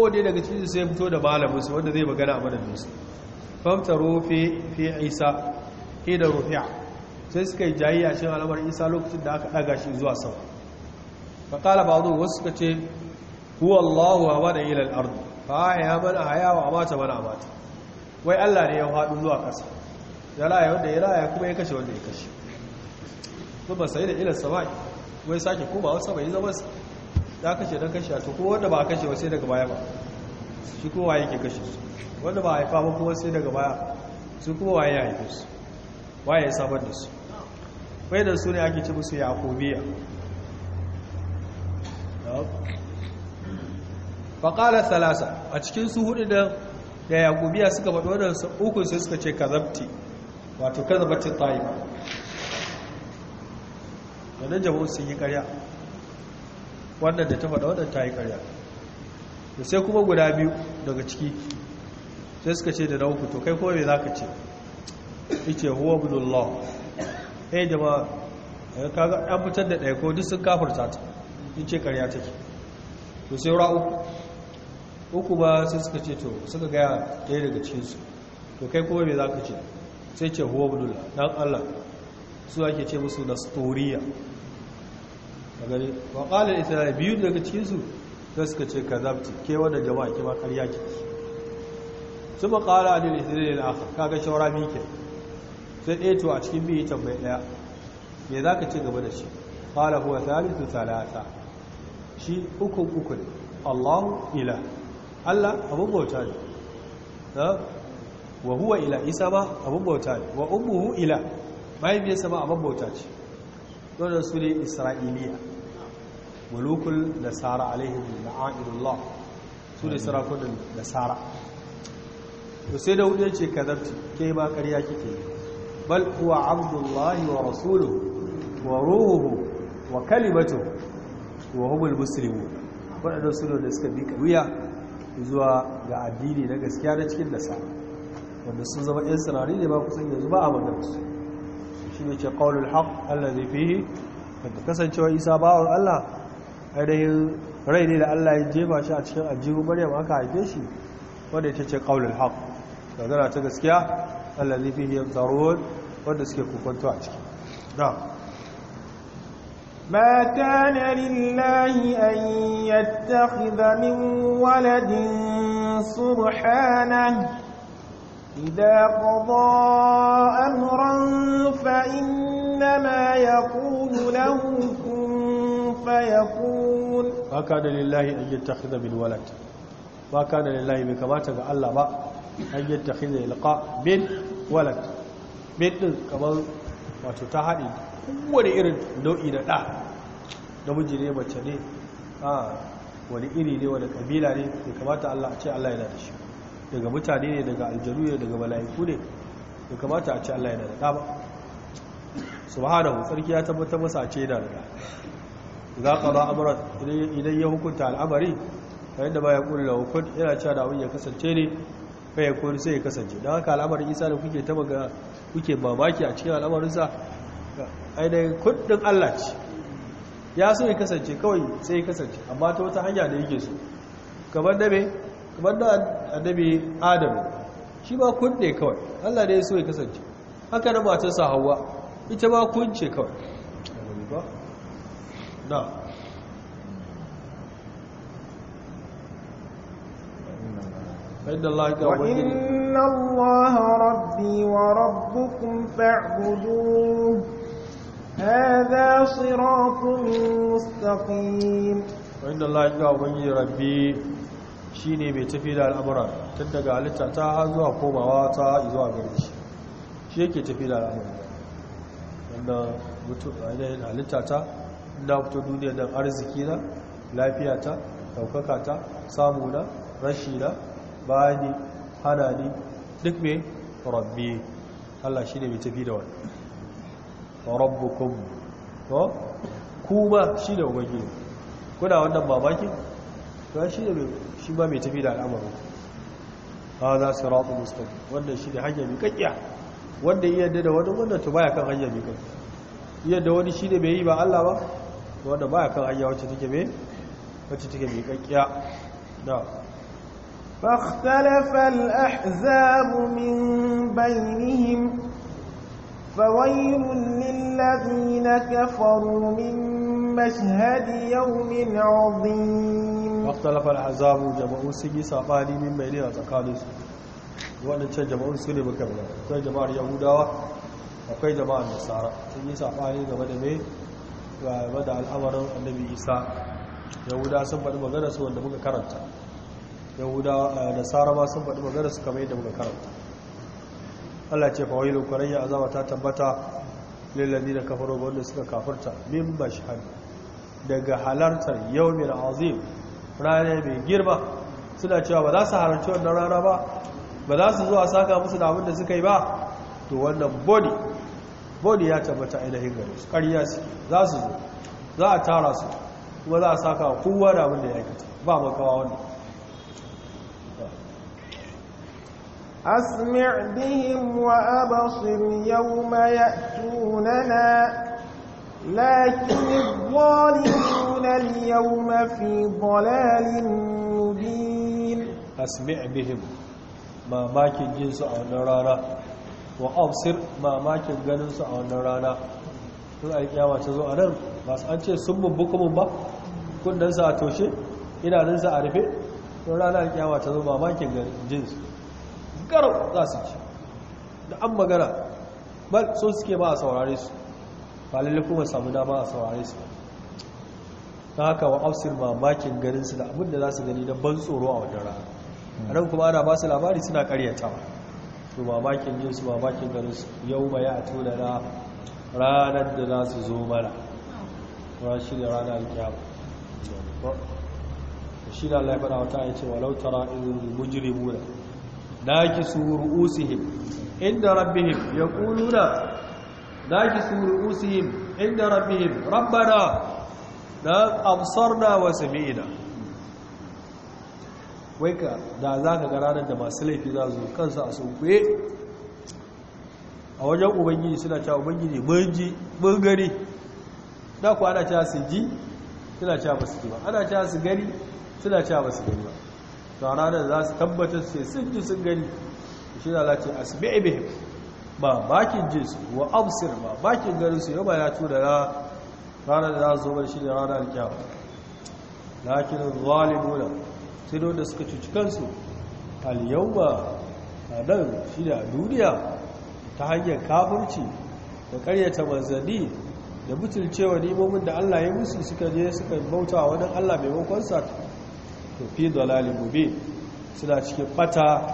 kowane daga cikin sai fito da malaminsu wanda zai magana a su famta rufe fi isa hidar rufi'a sai suka yi jayi a cikin alamar isa lokacin da aka ɗaga shi zuwa sama faƙala ba zuwa wasu ka ce huwa allahu wa mana ilal ardu fa ya mana haya wa wai allah ne ya haɗu zuwa ƙasa ya raya wanda ya raya kuma ya kashe wanda ya kashe kuma sai da ilal sama'i wai sake kuma wasu bai zama ya kashe don kashe to kuma wanda ba kashe wasu sai daga baya ba shi kuma yake kashe su wanda ba haifa ba kuma sai daga baya su kuma waye ya haife su waye ya samar da su wai da su ne ake ci musu yakubiya faƙalar salasa a cikin su hudu da da yaƙubiya suka faɗi da uku sai suka ce kazabti wato kazabati ta'ifa wannan jama'un sun yi ƙarya wannan da ta faɗa waɗanda ta yi ƙarya da sai kuma guda biyu daga ciki sai suka ce da na uku to kai kuma mai za ka ce ike huwa budullah eh jama'a kaga an fitar da ɗaya ko duk sun kafarta ta ce karya take to sai ra uku uku ba sai suka ce to suka gaya ɗaya daga cikinsu to kai kuma me za ka ce sai ce huwa budula ɗan allah su ake ce musu da storiya a gari ba ƙalar Isra'il biyu daga cikinsu sai suka ce ka zafi ke wadda jama'a ke ma karya ke su ba ƙara adil isra'ila na aka kaga shawara mike sai ɗaya to a cikin biyu tambayi ɗaya me za ka ce gaba da shi ƙala huwa thalithu talata shi uku uku ne allahu ila allah abin bauta ne wa huwa ila isa ba abin bauta ne wa ummuhu ila mahaifiyarsa ba abin bauta ce dole su ne isra'iliya mulukul da sara alaihim la'a'idullah su ne sarakunan da sara to sai da hudu ya ce ka kazarci ke ma karya kike bal kuwa abdullahi wa rasuluhu wa ruhuhu wa kalibatu. wa humul musulmi waɗannan su da suka bi wuya zuwa ga addini na gaskiya na cikin nasara wanda sun zama yan sarari ne ba kusan yanzu ba a magana shi ne ce ƙaunar haƙ allah zai fi wanda kasancewa isa bawon allah ainihin rai ne da allah ya jefa shi a cikin aljihun maryam aka haife shi wanda ya ce ƙaunar haƙ magana ta gaskiya allah zai fi yin tsaro wanda suke kukwanto a ciki ما كان لله أن يتخذ من ولد سبحانه إذا قضى أمرا فإنما يقول له كن فيكون ما كان لله أن يتخذ من ولد ما كان لله بكباتك ألا ما أن يتخذ إلقاء من ولد من كمان وتتحدث kowane irin nau'i na ɗa namiji ne mace ne a wani iri ne wani kabila ne da kamata Allah a ce Allah yana da shi daga mutane ne daga aljanu ne daga mala'iku ne da kamata a ce Allah yana da ɗa ba subhanahu sarki ya tabbatar masa a ce yana da ɗa za ka ba amura idan ya hukunta al'amari yayin yadda ba ya da hukun yana cewa da abin ya kasance ne kai ya kori sai ya kasance don haka al'amarin isa da kuke ta kuke mamaki a cikin al'amarinsa ainihin kudin Allah ce ya so ya kasance kawai sai ya kasance amma ta wata hanya da yake so kamar dabe kamar da annabi adam shi ba kunne kawai Allah ne ya so ya kasance haka da matarsa hawa ita ba kunce kawai na فإن الله وإن الله ربي هذا صراط مستقيم وإن الله يقع وبنجي ربي شيني بيتفيد الأمر تدقى لتعتا هذا قوما واتا إذا أبريش شيكي تفيد الأمر wanda ainihin halittata na mutu duniya ta, arzikina lafiyata daukakata samuna rashina bani hana ni duk mai rabbi allah shi ne mai tafi da wani rabbukum to kuma shi ne ubangiji kuna wannan mamaki to shi ne shi ba mai tafi da al'amarin su siratu mustaqim wanda shi da hanya miƙaƙiya wanda iya da wani wannan to baya kan hanya miƙaƙiya iya da wani shi da bai yi ba Allah ba to wanda baya kan hanya wacce take mai wacce take miƙaƙiya da فاختلف الأحزاب من بينهم فويل للذين كفروا من مشهد يوم عظيم واختلف العذاب جماعون سيجي سابالي من بينها تقاليس waɗancan jama'un su ne makamla jama'ar yahudawa akwai jama'ar nasara sun yi saɓani game da mai game da al'amarin annabi isa yahudawa sun faɗi magana su wanda muka karanta yahudawa nasara ma sun faɗi magana su kamar yadda muka karanta Allah ce fawailu ya azaba ta tabbata lillazi da kafaro ba wanda suka kafarta min mashhad daga halartar yawmin azim rana mai girma suna cewa ba za su halarci wannan rana ba ba za su zuwa saka musu da abin da suka yi ba to wannan body body ya tabbata ainihin gare su ƙarya su za su zo za a tara su kuma za a saka kowa da abin da ya aikata ba makawa wannan أسمع بهم وأبصر يوم يأتوننا لكن الظالمون اليوم في ضلال مبين أسمع بهم ما ماك جنس أو نرانا وأبصر ما ماك جنس أو نرانا tun alkiyama ta zo a nan masu an ce sun bubu bumbukumin ba kundinsa a toshe idanunsa a rufe tun ranar alkiyama ta zo mamakin jinsu garau za su ji da an magana ba so suke ba a saurare su ba lalle kuma samu dama a saurare su ta haka wa afsir mamakin garinsu da abin da za su gani na ban tsoro a wajen rana a nan kuma ana ba su labari suna ta. su mamakin yin su mamakin garinsu yau ma ya ato da na ranar da za su zo mana kuma shi da ya alkiyama shi da allah ya fara wata ya ce walau tara mujirin mujrimuna suru ru'usihim inda rabbihim yaquluna suru ru'usihim inda rabbihim rabbana da absarna wa sami'na wai ka da za ka ga ranar da masu laifi za su kansa a sunkuye a wajen ubangiji suna cewa ubangiji manji bangare da ku ana cewa su ji suna cewa ba su ji ba ana cewa su gani suna cewa ba su gani ba ta ranar za su tabbatar sai sun ji sun gani shi da lati asbi'i bihim ba bakin jin wa absir ba bakin garin su yaba ya tura ra ranar da za su zo shi da ranar kyawu lakin zalimuna sai da suka cuci kansu al yawma nan shi da duniya ta hanyar kafirci da karyata manzanni da butulcewa nimomin da Allah ya musu suka je suka bauta wa wani Allah maimakon sa to fi dalali gobe suna cikin fata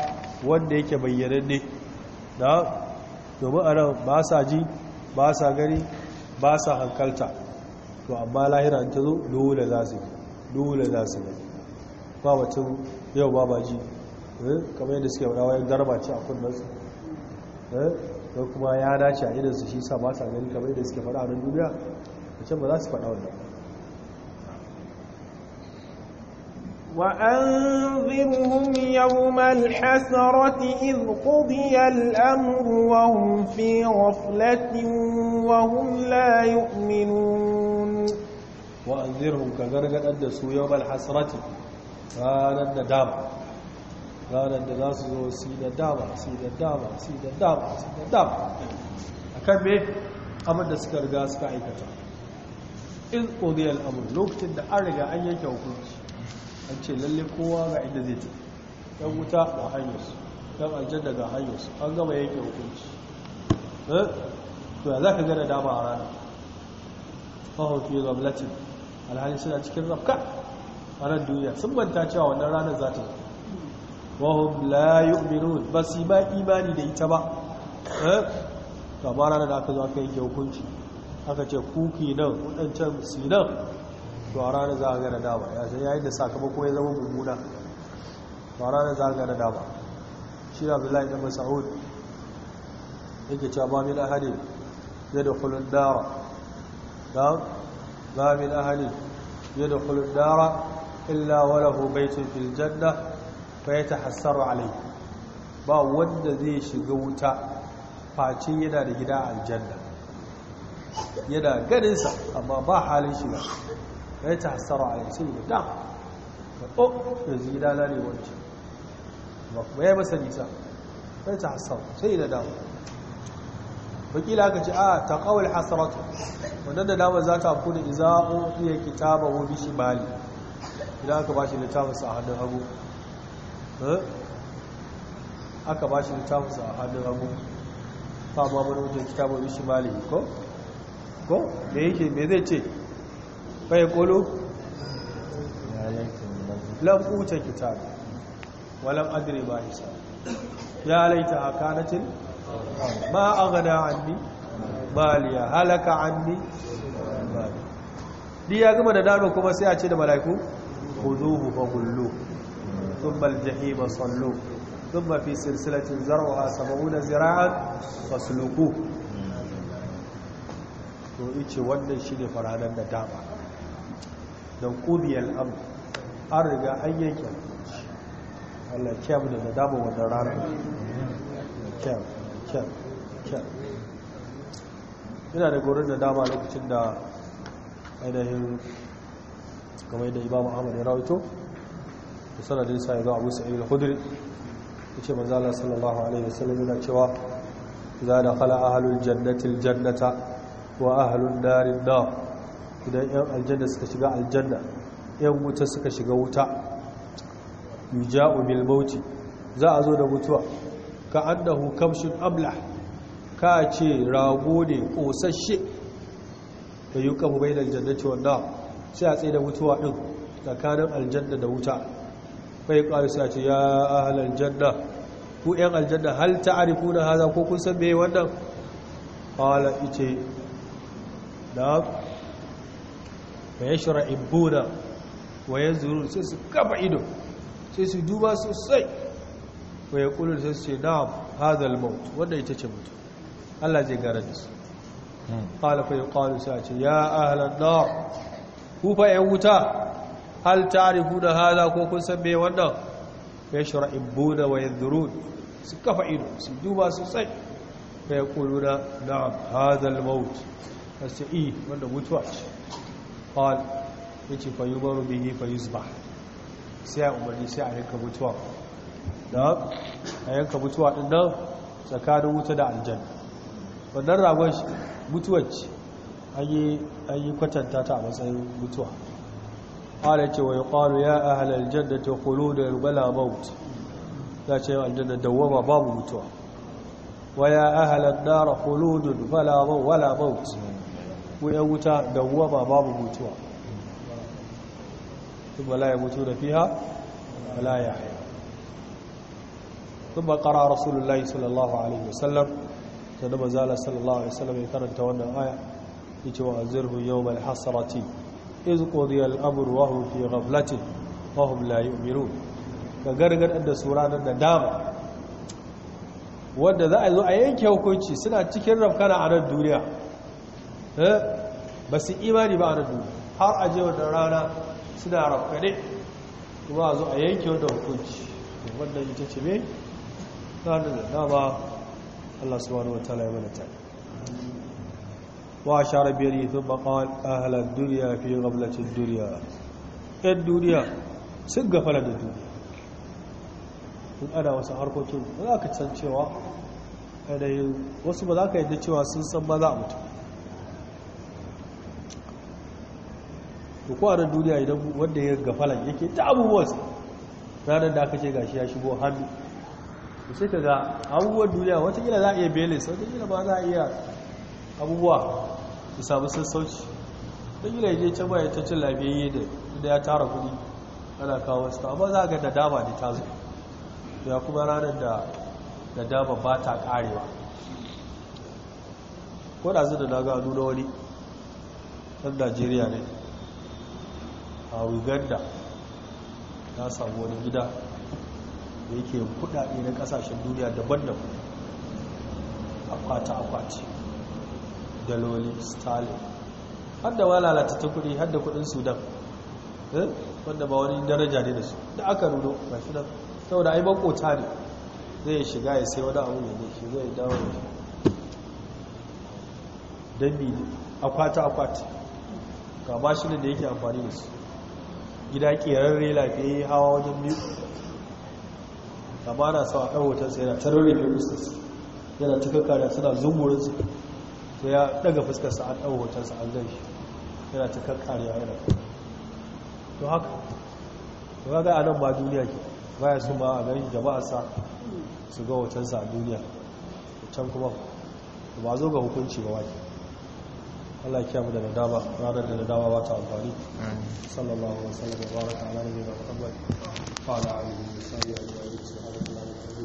wanda yake ne da domin a nan ba sa ji ba sa gari ba sa hankalta to amma lahira ta zo dole za su dole za su gani ba mutum yau ba ba ji eh, kamar yadda suke wadawa yin garba ce a kunnansu ko eh, kuma ya dace a su shi sa ba sa gani kamar yadda suke faɗa a duniya a can ba za su faɗa wannan وأنذرهم يوم الحسرة إذ قضي الأمر وهم في غفلة وهم لا يؤمنون وأنذرهم كذرق أدسوا يوم الحسرة قال الندام قال الناس سيد الدام سيد الدام سيد الدام سيد الدام أكبر أمد سكرقاس كعيكتا إذ قضي الأمر لوكت الدعالي أن يكون an ce lalle kowa ga inda zai tafi ɗan wuta ga hanyarsu ɗan aljanna ga hanyarsu an gama yanke hukunci eh? to ya za ka gana dama a rana fahon fiye ga latin alhali suna cikin rafka a ran duniya sun manta cewa wannan ranar za ta zo wahum layu yu'minun ba su ba imani da ita ba eh? to amma ranar da aka zo aka yanke hukunci aka ce kuki nan waɗancan sinan to a ranar za a gana dama ya san yayin da sakamako ya zama mummuna to a ranar za a gana dama shi da abdullahi ɗan masa'ud yake cewa ba min ahadi ya da kulun dara da ba min ahadi ya da kulun dara illa wala hubaitin fil janna fa ya ta hassaru alai ba wanda zai shiga wuta facin yana da gida aljanna yana ganinsa amma ba halin shiga ya yi ta hasara a ka ne da zai dala ne lare wancan ba ya yi masa nisa ya yi ta hasara sai da damu wakila ka ce a ah, ta kawai hasaratu wannan da dama za ta haku da iza'o iya kitaba wa bishi bali idan aka ba shi littafinsa a hannun hagu eh? aka ba shi tafi sa hannun hagu fama mana wajen kitaba wa bishi bali ko ko da yake me zai ce bai kolo lam uta kitab walam adri ba isa ya laita hakanatin ma aghna ba maliya halaka anni di ya gama da dano kuma sai a ce da malaiku khuduhu fa sun thumma ba sallo sun thumma fi silsilatin zar'uha 70 zira'an fasluquhu to ice wannan shi ne faradan da dama da ƙudiyar amur an riga an yanke Allah kyam da nadama wannan rana kyam kyam kyam yana da gorin nadama lokacin da ainihin kamar da imamu ahmad ya rawaito da sanadin sa ya zo abu sa'ayi da khudri yace ce mazala sallallahu alaihi wasallam yana cewa za da kala jannati jannatil jannata wa ahlun darin nar idan 'yan aljanna suka shiga aljanna 'yan wuta suka shiga wuta yuja'u bil mauti za a zo da mutuwa ka annahu kamshin amla ka ce rago ne kosasshe da mu bainal jannati wanda sai a tsaye da mutuwa din tsakanin aljanna da wuta bai ƙwari sai a ce ya ahalar janna ku 'yan aljanna hal ta arifu na haza ko kun san me wannan ƙwala ice da wa ya shara ibuna wa ya zuru sai su kafa ido sai su duba sosai wa ya kulu sai su ce na hazal maut wanda ita ce mutu Allah zai gara da su ƙala hmm. fa ya kwalu sai ce ya ahalar na kufa ‘yan wuta hal tarihu da hala ko kun san mai wannan ya shara ibuna wa ya zuru su kafa ido su duba sosai wa ya kulu da hazal maut sai i wanda mutuwa ce qal yace fa yubaru bihi fa zuba sai a umarni sai a yanka mutuwa da a yanka mutuwa din nan tsakanin wuta da aljanna wannan ragon mutuwar an yi kwatanta ta a matsayin mutuwa ƙwale ce wai ƙwalo ya a halaljan ta kulo da rubala maut za ce aljanna dawama babu mutuwa wa ya ahalar dara kulo da rubala wala maut ya wuta da ruwa ba babu mutuwa tuba la ya mutu da fiha la ya haya tuba kara rasulullah sallallahu alaihi wasallam ta da mazala sallallahu alaihi wasallam ya karanta wannan aya ya ce wa azirhu yau mai hasarati iz kodi al'abur wahu fi gaflatin wahu la yi umiru ga gargar da sura na da dama wadda za a zo a yanke hukunci suna cikin rafkana a nan duniya Eh? ba su imani ba a nan duniya har a jewar da rana suna rafkane kuma a zo a yanke wanda hukunci wanda ita ce me ranar da dama Allah su wani wata laye mana ta wa shara biyar yi thumma qala ahalar ad fi yi ad-dunya yan duniya sun gafala da duniya kun ana wasu harkokin ba za ka san cewa yanayin wasu ba za ka yadda cewa sun san ba za a mutu to ko a ran duniya idan wanda ya gafalan yake ta abubuwan ranar da aka ce ga shi ya shigo hannu to sai ka ga abubuwan duniya wata gina za a iya da gina ba za a iya abubuwa su samu sassauci watakila ya je can ba ya ta cin lafiyayye da ya tara kuɗi ana kawo su amma za a ga nadama ne ta zo ya kuma ranar da nadama ba ta ƙarewa ko da zai da na gano na wani ɗan najeriya ne a uganda na samu wani gida da yake kudade na kasashen duniya daban-daban akwati da daloli stalin har da lalata ta kudi har da kudin sudan eh? wanda ba wani daraja ne da su da aka rudo ba shi nan saboda ai makota ne zai shiga ya sai wani abu ne da shi zai dawo da shi don kwata a akwati ga bashi shi da yake amfani da su gida kerarre lafiya hawa wajen biyu ba na sawa ɗan hotonsa yana ta rurrufe fuskarsa yana ta kakkara suna su sai ya ɗaga sa an ɗan hotonsa an zai shi yana ta kakkara yana to haka to haka a nan ba duniya ke baya su ma a ganin jama'arsa su ga sa a duniya can kuma ba zo ga hukunci ba wake Allah ya kiyamu da nadama ranar da nadama ba ta amfani sallallahu alaihi wasallam wa baraka ala nabiyina Muhammad wa ala alihi wa sahbihi ajma'in subhanallahi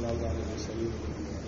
wa bihamdihi wa